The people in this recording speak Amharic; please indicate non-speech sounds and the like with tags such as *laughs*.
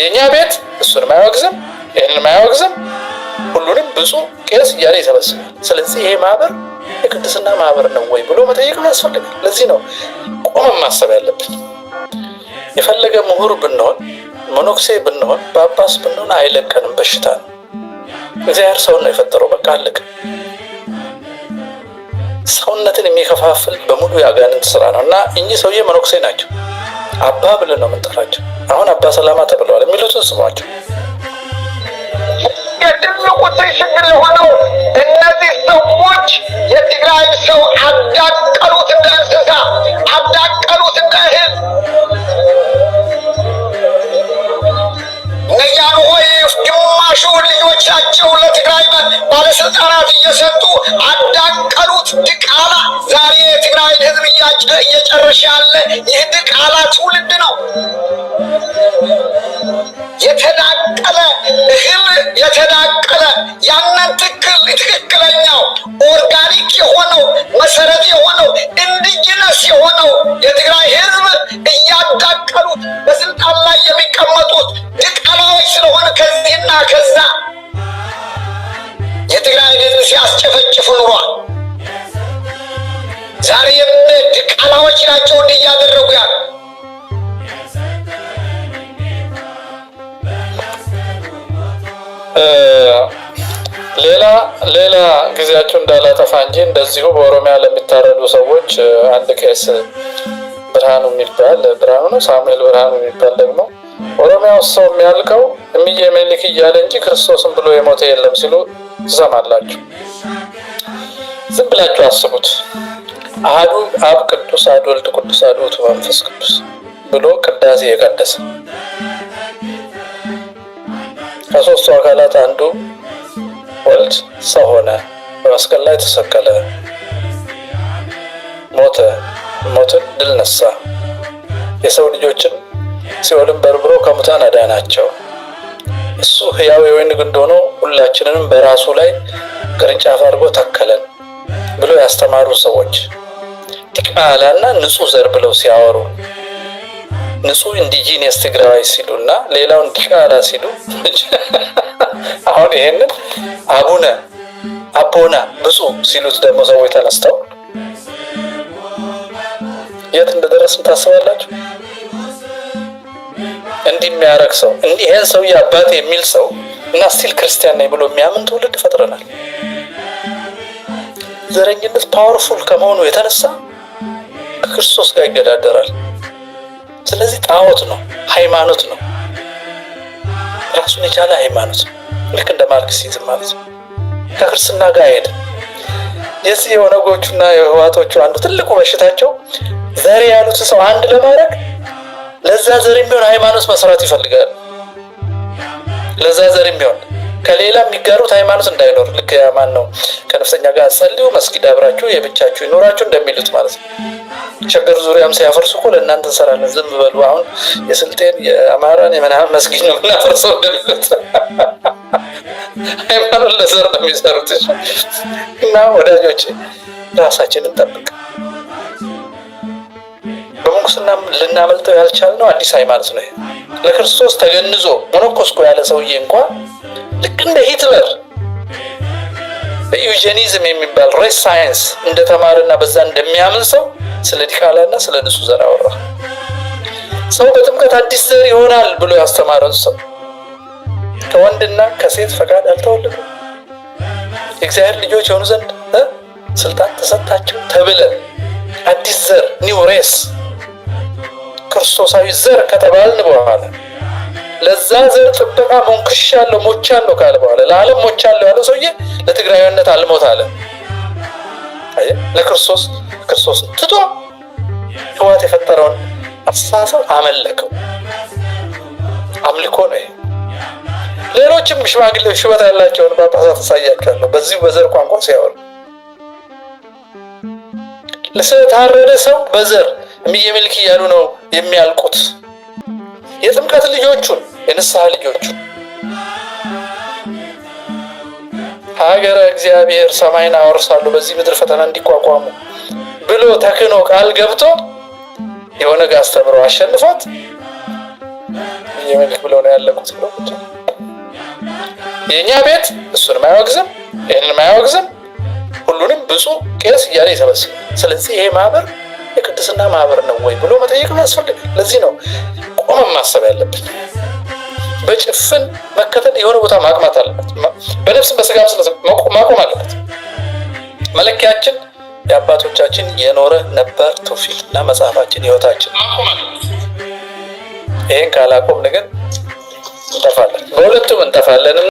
የእኛ ቤት እሱንም አያወግዝም፣ ይህንንም አያወግዝም። ሁሉንም ብፁዕ ቄስ እያለ ይሰበስባል። ስለዚህ ይሄ ማህበር የቅድስና ማህበር ነው ወይ ብሎ መጠየቅ ያስፈልጋል። ለዚህ ነው ቆመን ማሰብ ያለብን። የፈለገ ምሁር ብንሆን፣ መኖክሴ ብንሆን፣ ጳጳስ ብንሆን አይለቀንም። በሽታ ነው። እግዚአብሔር ሰውን ነው የፈጠረው። በቃ አለቀ። ሰውነትን የሚከፋፍል በሙሉ የአጋንንት ስራ ነው እና እኚህ ሰውዬ መኖክሴ ናቸው። አባ ብለን ነው የምንጠራቸው። አሁን አባ ሰላማ ተብለዋል የሚሉትን ስሟቸው። የትልቁ ችግር የሆነው እነዚህ ሰዎች የትግራይ ሰው አዳቀሉት፣ እንደ እንስሳ አዳቀሉት፣ እንደ እህል ግማሹ ልጆቻቸው ለትግራይ ባለስልጣናት እየሰጡ አዳቀሉት። ድቃላ ዛሬ የትግራይን ህዝብ እየጨረሻለ ይህ ድቃላ ትውልድ ነው። የተዳቀለ እህል የተዳቀለ ያንን ትክል ትክክለኛው ኦርጋኒክ የሆነው መሰረት የሆነው ኢንዲጂነስ የሆነው የትግራይ ህዝብ እያዳቀሉት በስልጣን ላይ የሚቀመጡት ድቀላዎች ስለሆነ ከዚህና ከዛ የትግራይ ህዝብ ሲያስጨፈጭፉ ኑሯል። ዛሬ ድቃላዎች ናቸው እንዲያደረጉ ያሉ ሌላ ሌላ ጊዜያቸው እንዳላጠፋ እንጂ እንደዚሁ በኦሮሚያ ለሚታረዱ ሰዎች አንድ ቄስ ብርሃኑ የሚባል ብርሃኑ ነው፣ ሳሙኤል ብርሃኑ የሚባል ደግሞ ኦሮሚያ ውስጥ ሰው የሚያልቀው እምዬ ምኒልክ እያለ እንጂ ክርስቶስን ብሎ የሞተ የለም ሲሉ ትሰማላችሁ። ዝም ብላችሁ አስቡት። አህዱ አብ ቅዱስ፣ አሐዱ ወልድ ቅዱስ፣ አሐዱ ውእቱ መንፈስ ቅዱስ ብሎ ቅዳሴ የቀደሰ ከሶስቱ አካላት አንዱ ወልድ ሰው ሆነ፣ በመስቀል ላይ ተሰቀለ፣ ሞተ፣ ሞትን ድል ነሳ፣ የሰው ልጆችን ሲኦልን በርብሮ ከሙታን አዳናቸው። እሱ ሕያው የወይን ግንድ ሆኖ ሁላችንንም በራሱ ላይ ቅርንጫፍ አድርጎ ተከለን ብሎ ያስተማሩ ሰዎች ጥቅም አላና ዘር ብለው ሲያወሩ እነሱ ኢንዲጂኒየስ ትግራዋይ ሲሉ እና ሌላውን ዲቃላ ሲሉ *laughs* አሁን ይሄንን አቡነ አቦና ብፁ ሲሉት ደግሞ ሰዎች ተነስተው የት እንደደረስን ታስባላችሁ? እንዲህ የሚያደርግ ሰው እንዲሄን ሰውዬ አባት የሚል ሰው እና ስቲል ክርስቲያን ነኝ ብሎ የሚያምን ትውልድ ፈጥረናል። ዘረኝነት ፓወርፉል ከመሆኑ የተነሳ ከክርስቶስ ጋር ይገዳደራል። ስለዚህ ጣዖት ነው፣ ሃይማኖት ነው፣ ራሱን የቻለ ሃይማኖት ነው። ልክ እንደ ማርክሲዝም ማለት ነው። ከክርስትና ጋር አይሄድም። የዚህ የኦነጎቹና የህዋቶቹ አንዱ ትልቁ በሽታቸው ዘር ያሉት ሰው አንድ ለማድረግ ለዛ ዘር የሚሆን ሃይማኖት መስራት ይፈልጋል። ለዛ ዘር የሚሆን ከሌላ የሚጋሩት ሃይማኖት እንዳይኖር ልክ ማን ነው ከነፍሰኛ ጋር ጸልዩ፣ መስጊድ አብራችሁ የብቻችሁ ይኖራችሁ እንደሚሉት ማለት ነው። ችግር ዙሪያም ሲያፈርሱ እኮ ለእናንተ እንሰራለን፣ ዝም በሉ። አሁን የስልጤን የአማራን የምናምን መስጊድ ነው የምናፈርሰው። ደለት ሃይማኖት ለዘር ነው የሚሰሩት። እና ወዳጆች ራሳችንን እንጠብቅ። በምንኩስና ልናመልጠው ያልቻልነው አዲስ ሃይማኖት ነው። ለክርስቶስ ተገንዞ ሞኖኮስኮ ያለ ሰውዬ እንኳ ልክ እንደ ሂትለር ኢሉዥኒዝም የሚባል ሬስ ሳይንስ እንደተማረና በዛ እንደሚያምን ሰው ስለ ዲቃላና ስለ ንሱ ዘር አወራ። ሰው በጥምቀት አዲስ ዘር ይሆናል ብሎ ያስተማረን ሰው ከወንድና ከሴት ፈቃድ አልተወለዱ የእግዚአብሔር ልጆች የሆኑ ዘንድ ስልጣን ተሰጣቸው ተብለ አዲስ ዘር ኒው ሬስ ክርስቶሳዊ ዘር ከተባልን በኋላ ለዛ ዘር ጥበቃ ሞንክሻለሁ ሞቻለሁ ካለ በኋላ ለዓለም ሞቻለሁ ያለው ሰውዬ ለትግራይ ለአንድነት አልሞት አለ ለክርስቶስ ክርስቶስ ትቶ ህዋት የፈጠረውን አስተሳሰብ አመለከው። አምልኮ ነው። ሌሎችም ሽማግሌ ሽበት ያላቸውን ጳጳሳት አሳያቸዋለሁ። በዚህ በዘር ቋንቋ ሲያወሩ ለስለታረደ ሰው በዘር እምዬ ምልክ እያሉ ነው የሚያልቁት። የጥምቀት ልጆቹን የንስሐ ልጆቹን ሀገረ እግዚአብሔር ሰማይን አወርሳለሁ በዚህ ምድር ፈተና እንዲቋቋሙ ብሎ ተክኖ ቃል ገብቶ የሆነ ጋ አስተምሮ አሸንፏት ምኒልክ ብለው ነው ያለቁት ብሎ የእኛ ቤት እሱንም አያወግዝም ይህንንም አያወግዝም ሁሉንም ብፁዕ ቄስ እያለ ይሰበስብ። ስለዚህ ይሄ ማህበር የቅድስና ማህበር ነው ወይ ብሎ መጠየቅ ያስፈልግ። ለዚህ ነው ቆመን ማሰብ ያለብን። በጭፍን መከተል የሆነ ቦታ ማቅማት አለበት። በነፍስም በስጋም ማቆም አለበት። መለኪያችን የአባቶቻችን የኖረ ነበር ትውፊት እና መጽሐፋችን ህይወታችን። ይህን ካላቆምን ግን እንጠፋለን፣ በሁለቱም እንጠፋለን።